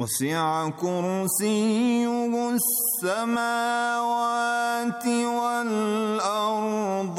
وسع كرسيه السماوات والأرض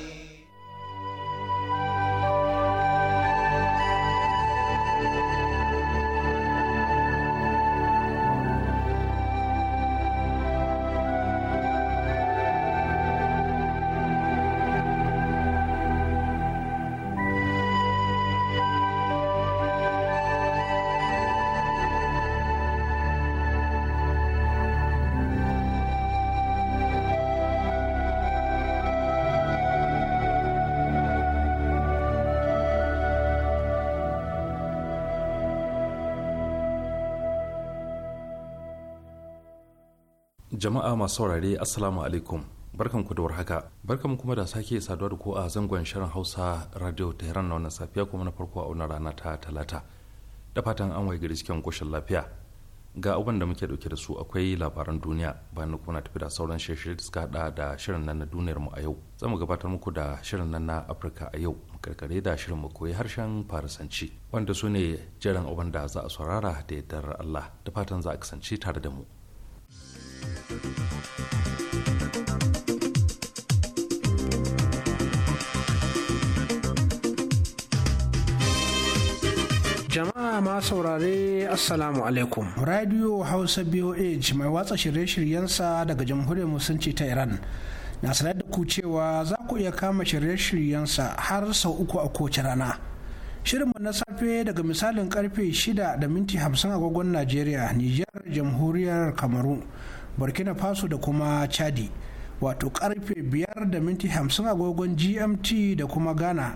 jama'a masu saurare assalamu alaikum barkan ku da warhaka barkan kuma da sake saduwa da ku a zangon shirin hausa radio tehran na wannan safiya kuma na farko a wannan rana ta talata da fatan an waye gari cikin koshin lafiya ga abin da muke dauke da su akwai labaran duniya bayan kuma na tafi da sauran shirye-shirye da suka hada da shirin nan na duniyar mu a yau za mu gabatar muku da shirin nan na afirka a yau mu karkare da shirin mu koyi harshen farisanci wanda su ne jiran abin da za a saurara da yardar allah da fatan za a kasance tare da mu Jama'a ma saurare Assalamu alaikum. Radio Hausa BOA mai watsa shirye-shiryensa daga Jamhuriyar Musulunci ta Iran. Na sanar da ku cewa za ku iya kama shirye-shiryensa har sau uku a kowace rana. Shirinmu na safe daga misalin karfe shida da minti 50 agogon Najeriya, Nijar, Jamhuriyar Kamaru, Burkina Faso da kuma Chadi. Wato karfe biyar da minti 50 agogon GMT da kuma Ghana.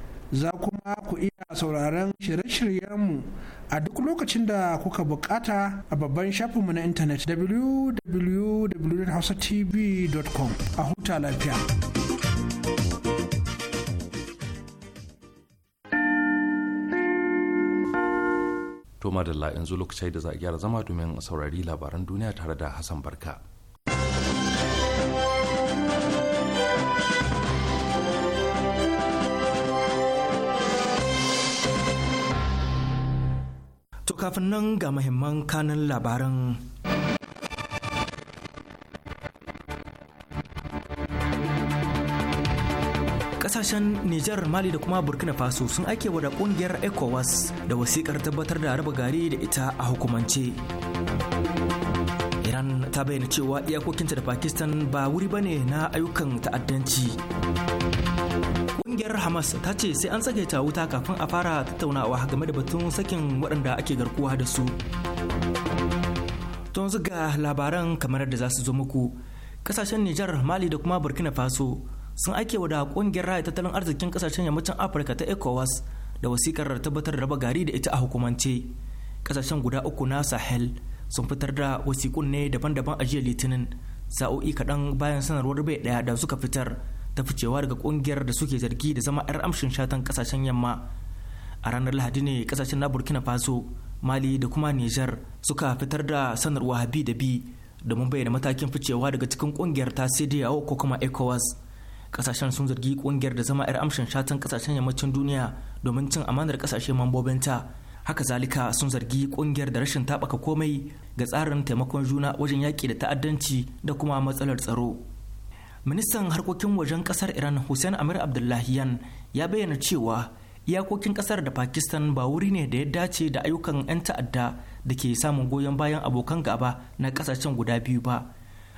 za kuma ku iya sauraron shirye-shiryenmu a duk lokacin da kuka bukata a babban shafinmu na intanet www.hausatv.com a huta lafiya. Toma da la'in lokacin da za a gyara zama domin saurari labaran duniya tare da Hassan Barka. kafin nan ga mahimman kanan labaran. Kasashen Nijar, Mali da kuma Burkina Faso sun ake wada kungiyar ECOWAS da wasikar tabbatar da raba gari da ita a hukumance. Iran ta bayyana cewa iyakokinta da Pakistan ba wuri bane na ayyukan ta'addanci. Ƙungiyar Hamas ta ce sai an ta wuta kafin a fara tattaunawa game da batun sakin waɗanda ake garkuwa da su. Tun ga labaran kamar da za su zo muku, kasashen Nijar, Mali da kuma Burkina Faso sun wa da ƙungiyar raya tattalin arzikin kasashen yammacin Afirka ta ECOWAS da wasikar tabbatar raba gari da ita a hukumance. Kasashen guda uku na Sahel sun fitar da wasikun ne daban-daban a jiya Litinin sa'o'i kaɗan bayan sanarwar bai ɗaya da suka fitar. ta ficewa daga kungiyar da suke zargi da zama 'yar amshin shatan kasashen yamma a ranar lahadi ne kasashen na burkina faso mali da kuma niger suka fitar da sanarwa bi da bi domin bayyana matakin ficewa daga cikin kungiyar ta cdao ko kuma ecowas kasashen sun zargi kungiyar da zama 'yar amshin shatan kasashen yammacin duniya domin cin amanar kasashe mambobinta haka zalika sun zargi kungiyar da rashin tabaka komai ga tsarin taimakon juna wajen yaƙi da ta'addanci da kuma matsalar tsaro ministan harkokin wajen kasar iran hussein amir abdullahiyan ya bayyana cewa iyakokin kasar da pakistan ba wuri ne da ya dace da ayyukan 'yan ta'adda da ke samun goyon bayan abokan gaba na kasashen guda biyu ba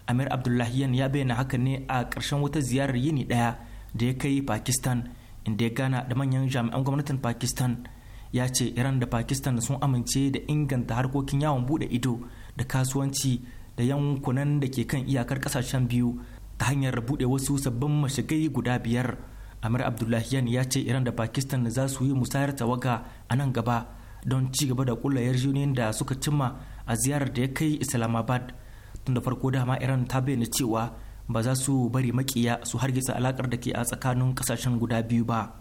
amir abdullahiyan ya bayyana haka ne a karshen wata ziyarar yini daya da ya kai pakistan inda ya gana da manyan jami'an gwamnatin pakistan ya ce iran da pakistan sun amince da inganta harkokin yawon bude ido da kasuwanci da yankunan da ke kan iyakar kasashen biyu ta hanyar buɗe wasu sabbin mashigai guda biyar amir yan ya ce iran da pakistan za su yi musayar tawaga a nan gaba don ci gaba da kula yarjejeniyar da suka cimma a ziyarar da ya kai islamabad tun da farko dama iran ta bayyana cewa ba za su bari makiya su hargitsa alakar da ke a tsakanin kasashen guda biyu ba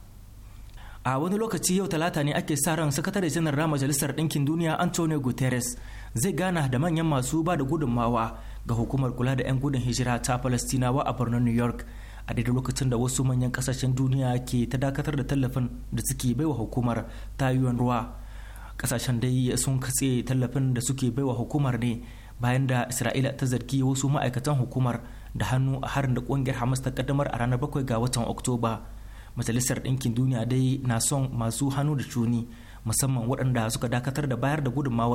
a wani lokaci yau talata ne ake sa ran sakatare janar majalisar ɗinkin duniya antonio guterres zai gana da manyan masu ba da gudunmawa ga hukumar kula da 'yan gudun hijira ta Falastinawa a birnin New York a daidai lokacin da wasu manyan kasashen duniya ke ta dakatar da tallafin da suke baiwa hukumar ta yiwuwan ruwa kasashen dai sun katse tallafin da suke baiwa hukumar ne bayan da isra'ila ta zargi wasu ma'aikatan hukumar da hannu a harin da kungiyar hamas ta kaddamar a ranar bakwai ga watan oktoba majalisar ɗinkin duniya dai na son masu hannu da cuni musamman waɗanda suka dakatar da bayar da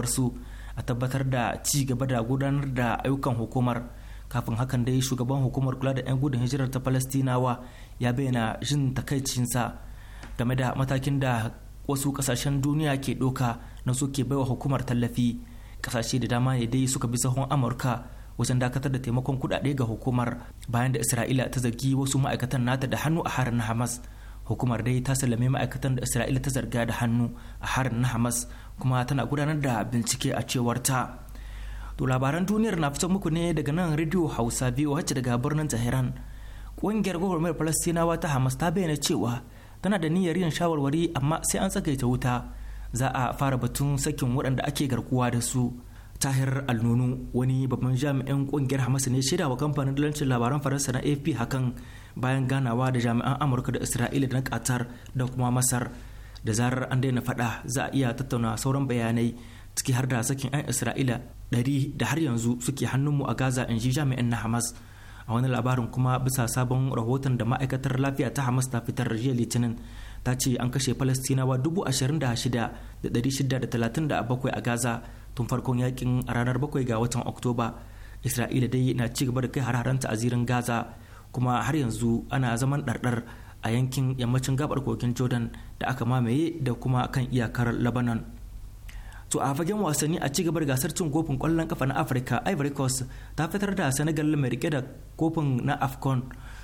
su. a tabbatar da ci gaba da gudanar da ayyukan hukumar kafin hakan dai shugaban hukumar kula da 'yan gudun hijirar ta palestinawa ya bayyana jin takaicinsa game da matakin da wasu kasashen duniya ke doka na suke baiwa hukumar tallafi kasashe da dama ne dai suka bi sahun amurka wajen dakatar da taimakon kudade ga hukumar bayan da isra'ila ta zargi wasu ma'aikatan nata da hannu a harin na hamas hukumar dai ta sallame ma'aikatan da isra'ila ta zarga da hannu a harin na hamas kuma tana gudanar da bincike a cewar ta to labaran duniyar na fitar muku ne daga nan radio hausa biyu wacce daga birnin tehran ƙungiyar gwamnatin falastinawa ta hamas ta bayyana cewa tana da niyyar yin shawarwari amma sai an tsakaita wuta za a fara batun sakin waɗanda ake garkuwa da su tahir alnunu wani babban jami'in kungiyar hamas ne shaida wa kamfanin dalancin labaran faransa na afp hakan bayan ganawa da jami'an amurka da isra'ila da na qatar da kuma masar da zarar an daina faɗa za a iya tattauna sauran bayanai ciki har da sakin 'yan isra'ila ɗari da har yanzu suke hannunmu a gaza in ji jami'an na hamas a wani labarin kuma bisa sabon rahoton da ma'aikatar lafiya ta hamas ta fitar jiya litinin ta ce an kashe falastinawa bakwai a gaza tun farkon yakin a ranar bakwai ga watan oktoba isra'ila dai na ci gaba da kai har-haranta a zirin gaza kuma har yanzu ana zaman ɗarɗar a yankin yammacin gabar kokin jordan da aka mamaye da kuma kan iyakar lebanon to a fagen wasanni a cigabar gasar cin kofin kwallon kafa na afirka ivory coast ta fitar da senegal mai rike da kofin na afcon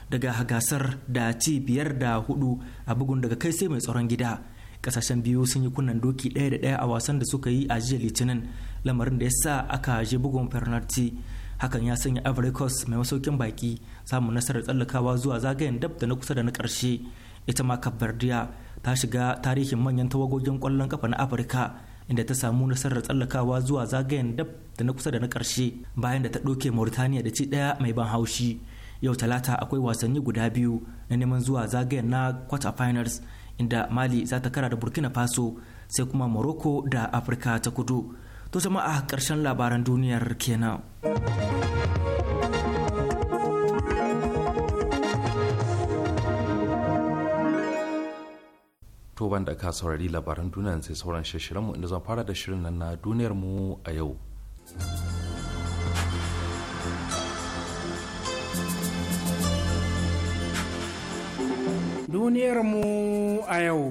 daga gasar da ci biyar da hudu a bugun daga kai sai mai tsaron gida kasashen biyu sun yi kunnen doki ɗaya da ɗaya a wasan da suka yi a jiya litinin lamarin da ya sa aka je bugun fernandes hakan ya sanya ivory coast mai masaukin baki samun nasarar tsallakawa zuwa zagayen dab da na kusa da na ƙarshe ita ma kabardiya ta shiga tarihin manyan tawagogin ƙwallon kafa na afirka inda ta samu nasarar tsallakawa zuwa zagayen dab da na kusa da na ƙarshe bayan da ta ɗauke mauritaniya da ci ɗaya mai ban haushi yau talata akwai wasanni guda biyu na neman zuwa zagayen na quarter finals inda mali za ta kara da burkina faso sai kuma morocco da afirka ta kudu to jama'a ƙarshen labaran duniyar kenan to ban da ka saurari labaran duniya sai sauran mu inda zan fara da shirin nan na duniyar mu a yau duniyar mu a yau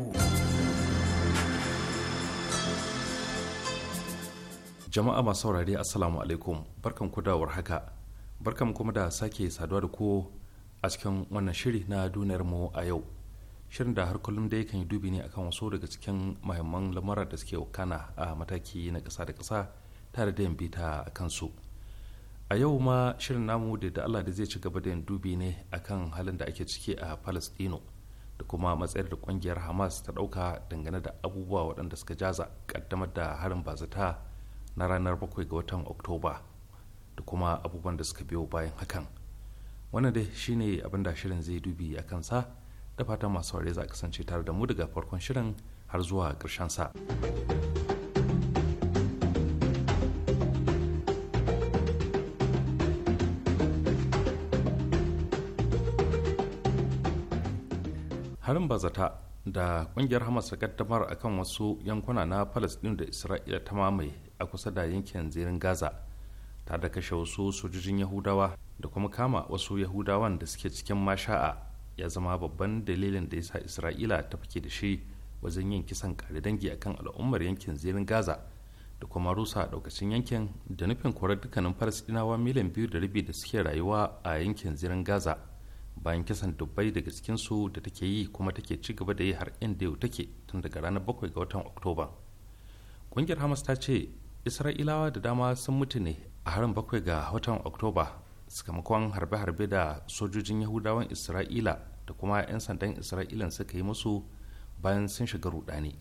jama'a masu saurari assalamu alaikum barkan ku da haka barkan kuma da sake saduwa da ku a cikin wannan shiri na duniyar mu a yau shirin da har kullum da yakan yi dubi ne akan wasu daga cikin mahimman lamura da suke wakana a mataki na ƙasa da kasa tare da yin bita a kansu a yau ma shirin namu da da allah da zai ci gaba da yin dubi ne akan halin da ake ciki a palestino da kuma matsayar da kungiyar hamas ta dauka dangane da abubuwa waɗanda suka jaza kaddamar da harin bazata na ranar 7 ga watan oktoba da kuma abubuwan da suka biyo bayan hakan wannan dai shine abin da shirin zai dubi a kansa da fatan masu ware za a kasance tare da mu daga farkon shirin har zuwa ƙarshen sa. harin bazata da kungiyar hamas ta kaddamar a kan wasu yankuna na palestine da isra'ila ta mamaye a kusa da yankin zirin gaza ta da kashe wasu sojojin yahudawa da kuma kama wasu yahudawan da suke cikin masha'a ya zama babban dalilin da ya sa isra'ila ta fake da shi wajen yin kisan kare dangi akan al'ummar yankin zirin gaza da kuma rusa daukacin yankin da nufin korar dukkanin falasɗinawa miliyan biyu da rabi da suke rayuwa a yankin zirin gaza bayan kisan dubbai daga cikinsu da take yi kuma take ci gaba da yi har inda yau take tun daga ranar bakwai ga watan oktoba ƙungiyar hamas ta ce isra'ilawa da dama sun mutu ne a harin bakwai ga watan oktoba sakamakon harbe-harbe da sojojin yahudawan isra'ila da kuma 'yan sandan isra'ilan suka yi musu bayan sun shiga rudani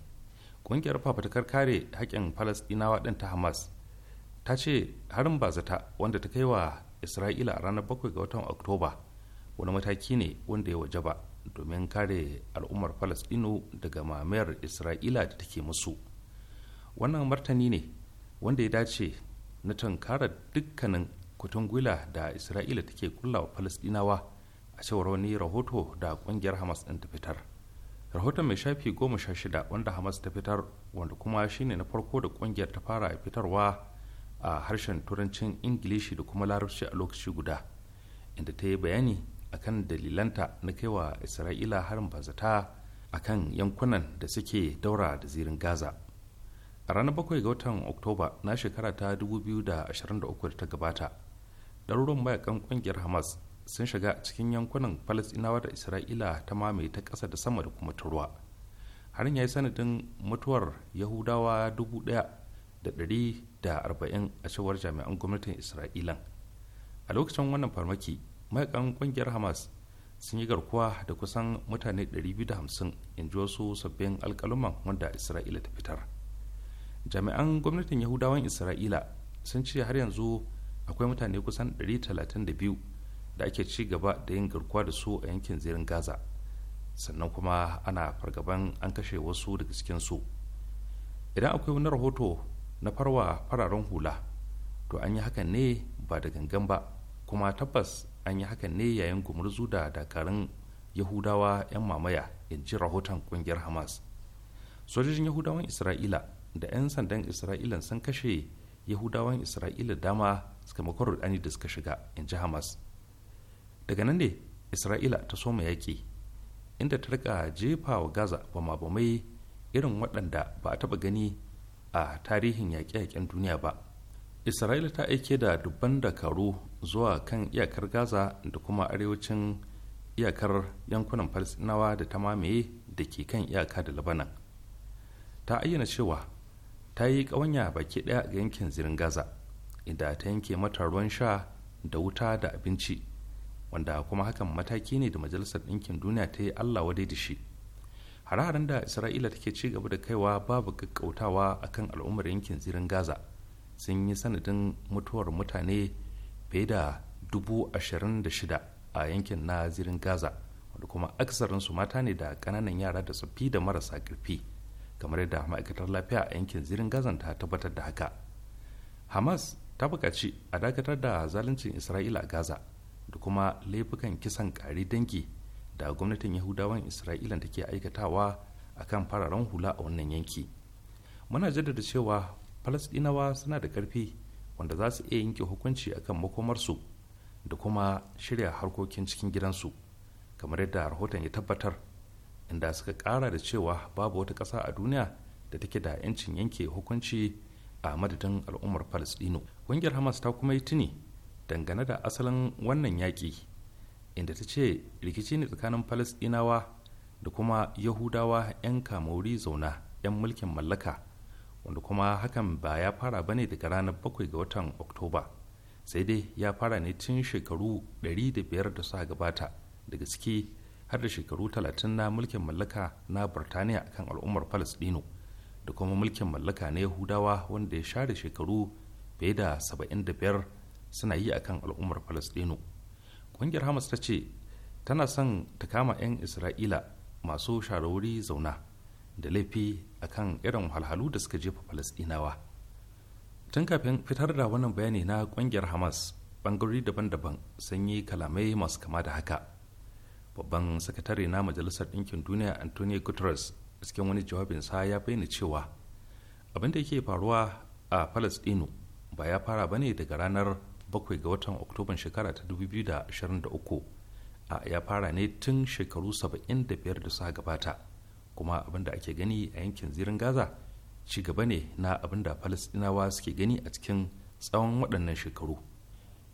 ƙungiyar fafatakar kare haƙƙin falasɗinawa ɗin ta hamas ta ce harin bazata wanda ta kai wa isra'ila a ranar 7 ga watan oktoba wani mataki ne wanda ya waje ba domin kare al'ummar falasɗinu daga mamayar isra'ila da take musu wannan martani ne wanda ya dace na tankara dukkanin kutun gwila da isra'ila take kulla wa falastinawa a cewar wani rahoto da kungiyar hamas ɗin ta fitar rahoton mai shafi goma sha shida wanda hamas ta fitar wanda kuma shine na farko da kungiyar ta fara fitarwa a harshen turancin ingilishi da kuma larabci a lokaci guda inda ta yi bayani akan dalilanta na kaiwa isra'ila harin bazata akan yankunan da suke daura da zirin gaza a ranar 7 ga watan oktoba na shekara ta 2023 ta gabata ɗaruruwan mayakan ƙungiyar hamas sun shiga cikin yankunan falasɗinawa da isra'ila ta mamaye ta ƙasa da sama da kuma ta ruwa harin ya yi sanadin mutuwar yahudawa dubu ɗaya da ɗari da arba'in a cewar jami'an gwamnatin isra'ilan a lokacin wannan farmaki mayakan ƙungiyar hamas sun yi garkuwa da kusan mutane 250 in ji wasu sabbin alƙaluman wanda isra'ila ta fitar jami'an gwamnatin yahudawan isra'ila sun ce har yanzu akwai mutane kusan 132 da ake ci gaba da yin garkuwa da su a yankin zirin gaza sannan kuma ana fargaban an kashe wasu daga su idan akwai wani rahoto na farwa fararen hula to an yi hakan ne ba da gangan ba kuma tabbas an yi hakan ne yayin gumurzu da dakarun yahudawa 'yan mamaya in ji rahoton kungiyar hamas sojojin yahudawan isra'ila da 'yan sandan isra'ilan sun kashe yahudawan isra'ila dama sakamakon rudani da suka shiga in ji hamas daga nan ne isra'ila ta soma yaƙi inda ta rika jefa wa gaza bama-bamai irin waɗanda ba a taɓa gani a tarihin yaƙe-yaƙen duniya ba isra'ila ta aike da dubban dakaru zuwa kan iyakar gaza da kuma arewacin iyakar yankunan Falsinawa da ta mamaye da ke kan iyaka da labanan ta ayyana cewa ta yi ƙawanya baki ɗaya ga yankin zirin gaza inda ta yanke mata ruwan sha da wuta da abinci wanda kuma hakan mataki ne da majalisar ɗinkin duniya ta yi allah wadai da shi hare-haren da isra'ila take ci gaba da kaiwa babu gaggautawa akan al'ummar yankin zirin gaza sun yi sanadin mutuwar mutane fiye da dubu ashirin da shida a yankin na zirin gaza wanda kuma aksarinsu mata ne da ƙananan yara da tsoffi da marasa ƙarfi kamar yadda ma'aikatar lafiya a yankin zirin gazan ta tabbatar da haka hamas ta buƙaci a dakatar da zaluncin isra'ila a gaza da kuma laifukan kisan ƙari dangi da gwamnatin yahudawan isra'ila ke aikatawa a kan fararen hula a wannan yanki muna jaddada cewa falasɗinawa suna da ƙarfi wanda za su iya yanke hukunci akan makomarsu da kuma shirya harkokin cikin gidansu kamar yadda rahoton ya tabbatar inda suka kara da cewa babu wata ƙasa a duniya da take da 'yancin yanke hukunci a madadin al'ummar palestino ƙungiyar hamas ta kuma yi tuni dangane da asalin wannan yaƙi inda ta ce rikici ne tsakanin palestinawa da kuma yahudawa 'yan kamauri zauna 'yan mulkin mallaka wanda kuma hakan ba ya fara ba ne daga ranar 7 ga watan oktoba sai dai ya fara ne tun shekaru ɗari da suka gabata daga ciki har da shekaru 30 na mulkin mallaka na birtaniya kan al'ummar palestino da kuma mulkin mallaka na yahudawa wanda ya share shekaru fiye da 75 suna yi akan al'ummar Falasɗinu, ƙungiyar hamas ta ce tana son ta kama 'yan isra'ila masu share wuri zauna da laifi akan irin halhalu da suka jefa Falasɗinawa. tun kafin fitar da wannan bayani na ƙungiyar hamas bangarori daban-daban sun yi kalamai masu kama da haka babban sakatare na majalisar ɗinkin duniya antonio guterres cikin wani jawabinsa ya bayyana cewa abin da yake faruwa a palestino ba ya fara bane daga ranar 7 ga watan oktoban shekara ta 2023 a ya fara ne tun shekaru 75 da suka gabata kuma abinda da ake gani a yankin zirin gaza ci gaba ne na abinda da palestinawa suke gani a cikin tsawon waɗannan shekaru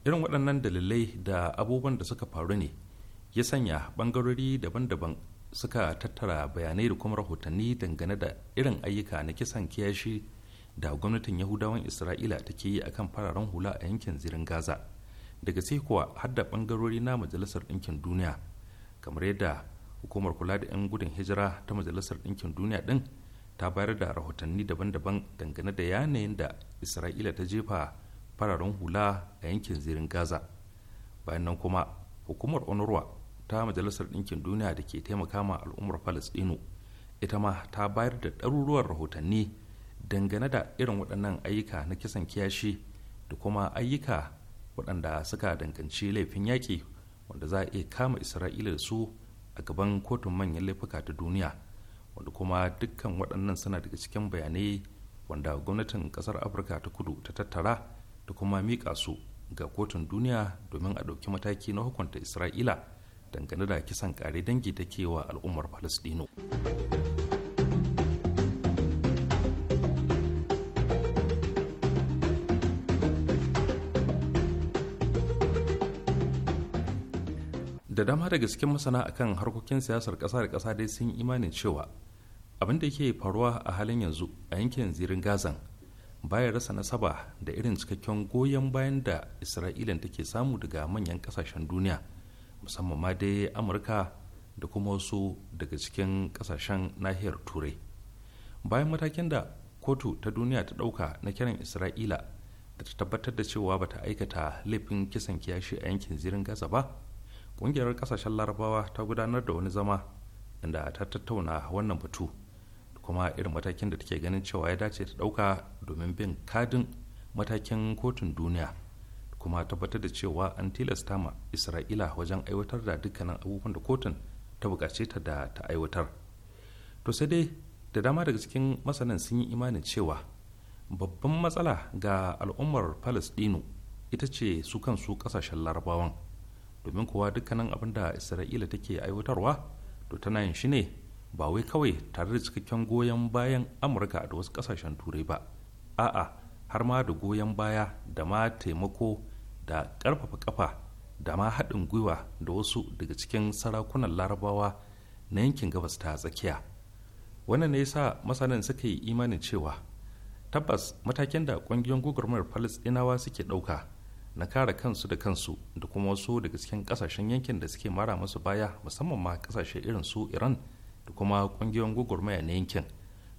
irin waɗannan dalilai da abubuwan da suka faru ne ya sanya ɓangarori daban-daban suka tattara bayanai da kuma rahotanni dangane da irin ayyuka na kisan kiyashi da gwamnatin yahudawan isra'ila take yi a kan fararen hula a yankin zirin gaza daga sai kuwa har da bangarori na majalisar ɗinkin duniya kamar yadda hukumar kula da 'yan gudun hijira ta majalisar ɗinkin duniya ɗin ta bayar da rahotanni daban-daban dangane da yanayin da isra'ila ta jefa fararen hula a yankin zirin gaza bayan nan kuma hukumar onurwa ta majalisar ɗinkin duniya da ke taimaka ma al'ummar falastinu ita ma ta bayar da ɗaruruwan rahotanni dangane da irin waɗannan ayyuka na kisan kiyashi da kuma ayyuka waɗanda suka danganci laifin yaƙi wanda za a iya kama isra'ila da su a gaban kotun manyan laifuka ta duniya wanda kuma dukkan waɗannan suna daga cikin bayanai wanda gwamnatin ƙasar afirka ta kudu ta tattara da kuma miƙa su ga kotun duniya domin a ɗauki mataki na hukunta isra'ila dangane da kisan kare dangi da ke wa al'ummar palestino da dama daga cikin masana a kan harkokin siyasar ƙasa da ƙasa dai sun imanin cewa abinda da ke faruwa a halin yanzu a yankin zirin gazan baya rasa nasaba da irin cikakken goyon bayan da isra'ila take samu daga manyan kasashen duniya musamman ma dai amurka da kuma wasu daga cikin kasashen nahiyar turai bayan matakin da kotu ta duniya ta dauka na kiran isra'ila da ta tabbatar da cewa ba ta aikata laifin kisan kiyashi a yankin zirin gaza ba ƙungiyar kasashen larabawa ta gudanar da wani zama inda ta tattauna wannan batu da kuma irin matakin da take ganin cewa ya dace ta dauka domin bin kadin matakin kotun duniya kuma tabbatar da cewa an tilasta ma isra'ila wajen aiwatar da dukkanin abubuwan da kotun ta bukace ta da ta aiwatar to sai dai da dama daga cikin masanan sun yi imanin cewa babban matsala ga al'ummar palestino ita ce su kansu kasashen larabawan domin kuwa dukkanin abin da isra'ila take aiwatarwa to tana yin shi ne ba wai kawai tare da cikakken goyon bayan amurka da wasu kasashen turai ba a'a har ma da goyon baya da ma taimako da ƙarfafa ƙafa da ma haɗin gwiwa da wasu daga cikin sarakunan larabawa na yankin gabas ta tsakiya wannan ne yasa masanan suka yi imanin cewa tabbas matakin da ƙungiyoyin gwagwarmayar falasɗinawa suke ɗauka na kare kansu da kansu da kuma wasu daga cikin ƙasashen yankin da suke mara musu baya musamman ma ƙasashe irin su iran da kuma ƙungiyoyin gwagwarmaya na yankin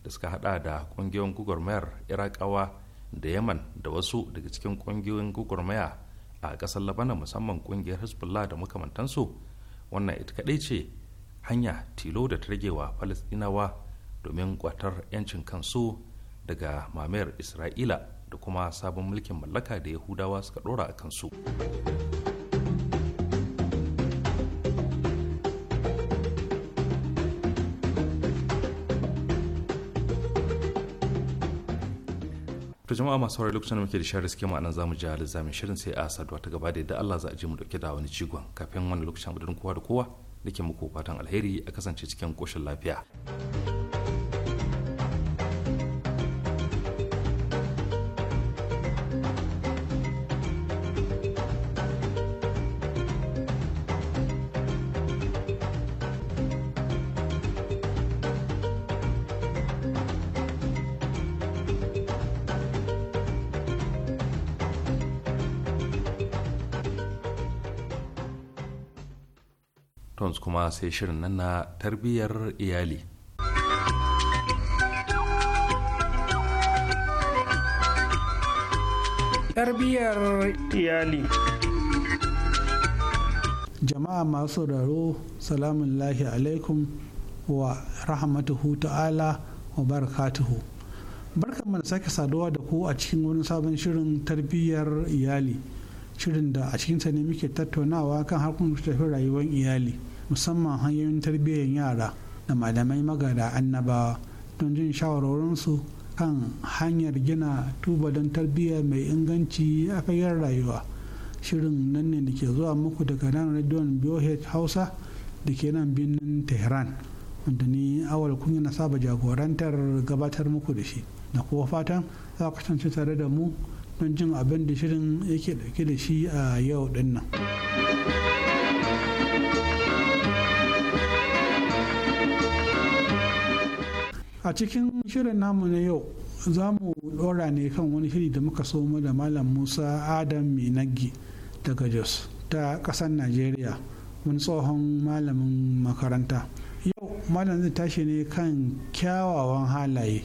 da suka haɗa da ƙungiyoyin gwagwarmayar irakawa da yaman da wasu daga cikin ƙungiyoyin gugurmaya a ƙasar labanan musamman kungiyar hezbollah da makamantansu wannan ita kaɗai ce hanya tilo da ta rage wa falastinawa domin kwatar 'yancin kansu daga mamayar isra'ila da kuma sabon mulkin mallaka da yahudawa suka ɗora a kansu. jama'a masu saurari lokacin da muke da shan riske mu anan zamu ji zamin shirin sai a saduwa ta gaba da yadda Allah za a je mu dauke da wani jigon kafin wani lokacin budurin kowa da kowa da ke muku fatan alheri a kasance cikin koshin lafiya. kuma sai shirin nan na tarbiyyar iyali tarbiyyar iyali jama'a masu sauraro salamun lahi alaikum wa rahmatuhu ta'ala wa barakatuhu Barka da sake saduwa da ku a cikin wani sabon shirin tarbiyyar iyali shirin da a cikinsa ne muke tattaunawa kan harkokin tafi rayuwar iyali musamman hanyoyin tarbiyyar yara da malamai magada annabawa don jin shawarorinsu kan hanyar gina tubalin tarbiyya mai inganci a fagen rayuwa shirin nan ne da ke zuwa muku daga nan rediyon biohet Hausa da ke nan birnin Tehran wanda ni awal kunya na saba jagorantar gabatar muku da shi da kuma fatan za ku kasance tare da mu don jin abin da shirin yake dauke da shi a yau dinnan. nan. a cikin shirin namu na yau za mu dora ne kan wani shiri da muka so da malam musa adam minagi daga jos ta kasar najeriya wani tsohon malamin makaranta yau malam zai tashi ne kan kyawawan halaye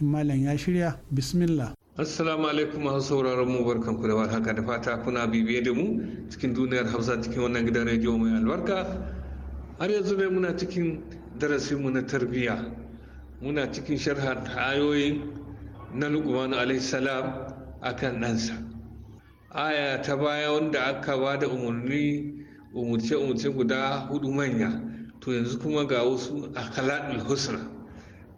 malam ya shirya bismillah Assalamu alaikum masu sauraron mu barkan ku da warhaka da fata kuna bibiye da mu cikin duniyar Hausa cikin wannan gidan rediyo mai albarka. Har yanzu ne muna cikin darasinmu na tarbiyya muna cikin sharhar ayoyin na lukman alaihissalam a kan ɗansa aya ta baya wanda aka ba da umarni umarce-umarce guda hudu manya to yanzu kuma ga wasu akhlaqul husna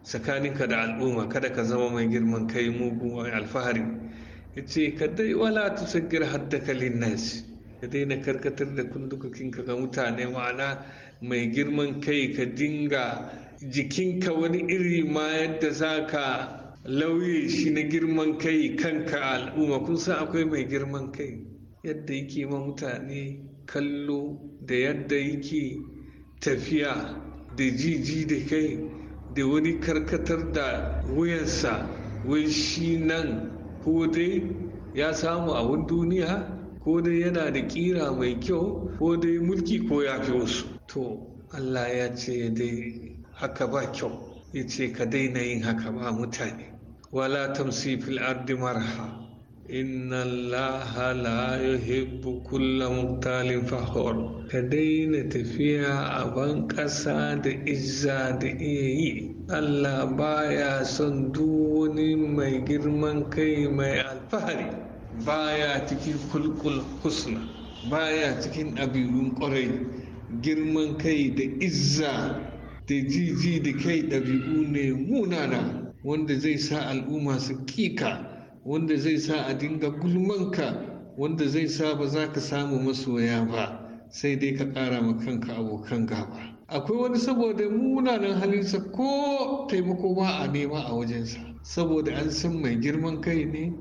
tsakaninka da al'umma kada ka zama mai girman kai mugu mai alfahari ce, ka dai wala tusaggir haddaka nasi. ka daina karkatar da ka ga mutane ma'ana mai girman kai ka dinga jikinka wani iri ma yadda za ka lauye shi na girman kai kanka al'umma kun san akwai mai girman kai yadda yake ma mutane kallo da yadda yake tafiya da jiji da kai da wani karkatar da wuyansa wai shi nan ko dai ya samu a abin duniya ko dai yana da kira mai kyau ko dai mulki ko ya fi wasu to allah ya ce dai haka ba kyau ya ce ka daina yin haka ba mutane wala tamsi fil ardi marha inna allaha la yuhibbu kulla muktalin fahor ka daina tafiya a ban ƙasa da izza da iya yi allah baya son duk wani mai girman kai mai alfahari baya cikin kulkul husna baya cikin abirin ƙwarai girman kai da izza da jiji da kai ɗabi'u ne munana wanda zai sa al'umma su ƙika wanda zai sa a dinga gulmanka wanda zai sa ba za ka samu masoya ba sai dai ka ƙara ma kanka abokan gaba akwai wani saboda munanan halinsa ko taimako ba a nema a wajensa saboda an san mai girman kai ne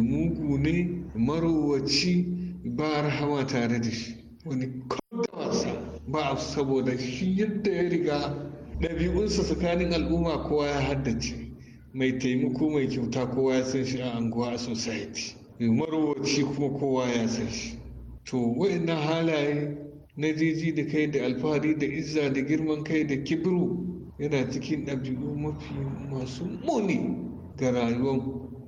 mugu ne marowaci ba rahama tare da shi wani ba saboda shi yadda ya riga ɗabi'unsa tsakanin al'umma kowa ya haddace mai taimako mai kyauta kowa ya san shi a anguwa a society marowaci kuma kowa ya san shi to na halaye na jiji da kai da alfahari da izza da girman kai da kibiru yana cikin ɗabi'u mafi masu muni ga rayuwar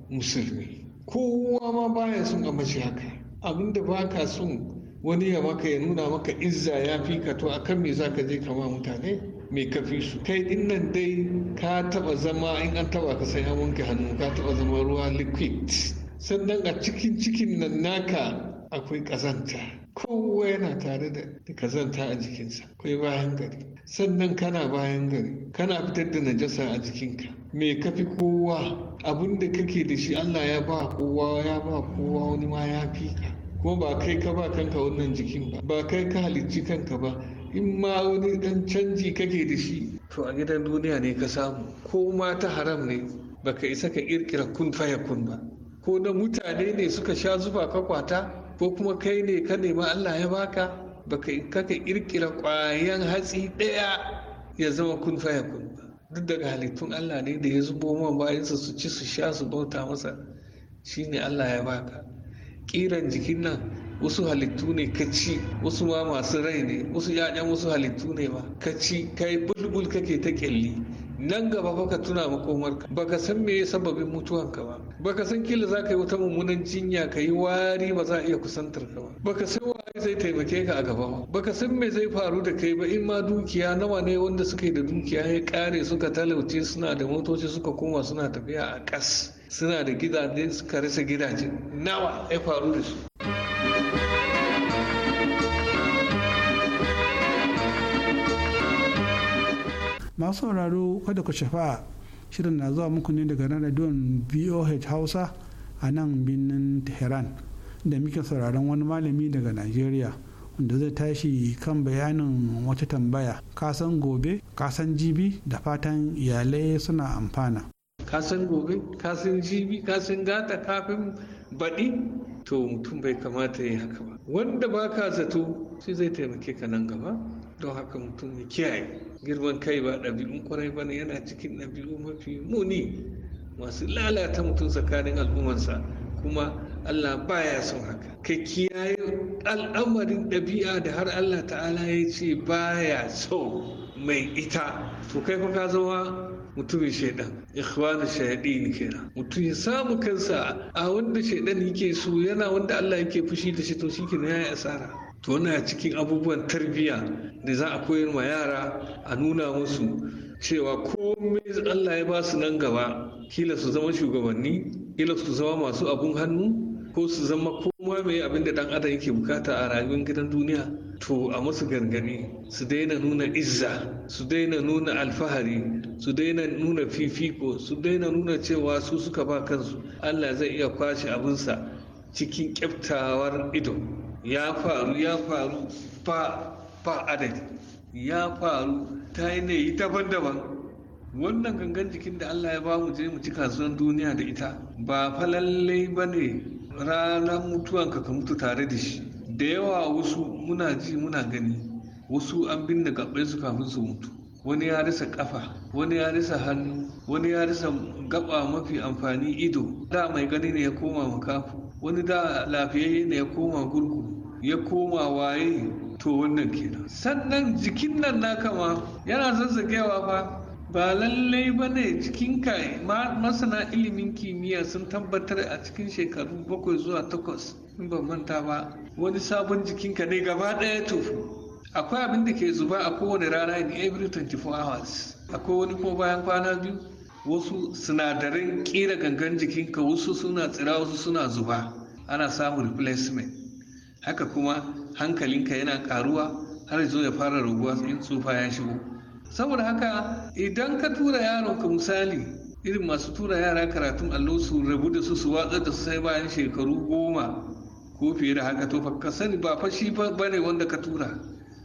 musulmi kowa ma baya son a mashi haka abinda ba ka son wani ya maka ya nuna maka izza ya fi ka to a kan me za ka je kama mutane me ka su kai din nan dai ka taba zama in an taba ka sai an wanke hannu ka taba zama ruwa liquid sannan a cikin cikin nan naka akwai kazanta kowa yana tare da kazanta a jikinsa akwai bayan gari sannan kana bayan gari kana fitar da najasa a jikinka me kafi kowa abin da kake da shi allah ya ba kowa ya ba kowa wani ma ya fi ka ko ba kai ka ba kanka wannan jikin ba ba kai ka halicci kanka ba in ma wani dan canji kake da shi to a gidan duniya ne ka samu ko ma ta haram ne baka isa ka kirkira kun faya kun ba ko na mutane ne suka sha zuba ka kwata ko kuma kai ne ka nema Allah ya baka baka kaka kirkira kwayan hatsi daya ya zama kun faya kun ba duk daga halittun Allah ne da ya zubo man bayansa su ci su sha su bauta masa shine Allah ya baka ƙiran jikin nan wasu halittu ne ka ci wasu ma masu rai ne wasu 'ya'yan wasu halittu ne ba ka ci kai bulbul kake ta ƙyalli nan gaba baka tuna makomarka baka san me sababin ka ba baka san kila za ka yi wata mummunan jinya ka yi wari ba za a iya kusantar ka ba baka san waye zai taimake ka a gaba ba baka san me zai faru da kai ba in ma dukiya nawa ne wanda suka yi da dukiya ya kare suka talauce suna da motoci suka koma suna tafiya a kas suna da gidaje suka rasa gidaje nawa ya faru da su masu sauraro kada ku shafa shirin na zuwa muku ne daga nan radiyon voh hausa a nan birnin tehran da muke sauraron wani malami daga nigeria wanda zai tashi kan bayanin wata tambaya kasan gobe kasan jibi da fatan iyalai suna amfana kasan gobe kasan jibi kasan gata kafin baɗi to mutum bai kamata ya yi haka ba wanda ba ka zato shi zai taimake ka nan gaba don haka mutum ya kiyaye girman kai ba ɗabi'un kwarai ba ne yana cikin ɗabi'u mafi muni masu lalata mutum tsakanin al'ummarsa kuma allah baya son haka ka kiyaye al'amarin ɗabi'a da har allah ta'ala ya ce baya so mai ita to kai fa ka zama mutumin shaidan ikhwana shayadin kenan mutum ya samu kansa a wanda shaidan yake so yana wanda Allah yake fushi da shi to shikenan ya asara to wannan cikin abubuwan tarbiyya da za a koyar ma yara a nuna musu cewa komai Allah ya ba su nan gaba kila su zama shugabanni kila su zama masu abun hannu ko su zama koma mai abin da dan adam yake bukata a rayuwar gidan duniya to a musu gargadi su daina nuna izza su daina nuna alfahari su daina nuna fifiko su daina nuna cewa su suka ba kansu allah zai iya kwashe abinsa cikin kyaftawar ido ya faru ya faru fa fa adadi ya faru ta yanayi daban-daban wannan gangan jikin da allah ya ba mu je mu ci kasuwan duniya da ita ba falallai lallai ba ne ranar mutuwanka ka mutu tare da shi da yawa wasu muna ji muna gani wasu an binne su kafin su mutu wani ya rasa kafa wani ya rasa hannu wani ya rasa gaba mafi amfani ido da mai gani ne ya koma makafu wani da lafiyayye ne ya koma gurgu ya koma waye to wannan kenan sannan jikin nan naka ma yana zazzagewa fa ba lallai ba ne cikin kai masana ilimin kimiyya sun tabbatar a cikin shekaru bakwai zuwa takwas in ban manta ba wani sabon jikinka ne gaba ɗaya tufu. akwai abin da ke zuba a kowane rana in every 24 hours akwai wani ko bayan kwana biyu wasu sinadaran kira gangan jikinka wasu suna tsira wasu suna zuba ana samun replacement haka kuma hankalinka yana karuwa har zo ya fara raguwa in tsufa ya shigo saboda haka idan ka tura yaron ka misali irin masu tura yara karatun allo su rabu da su su watsar da su sai bayan shekaru goma ko fiye da haka to ka sani ba fashi shi ba ne wanda ka tura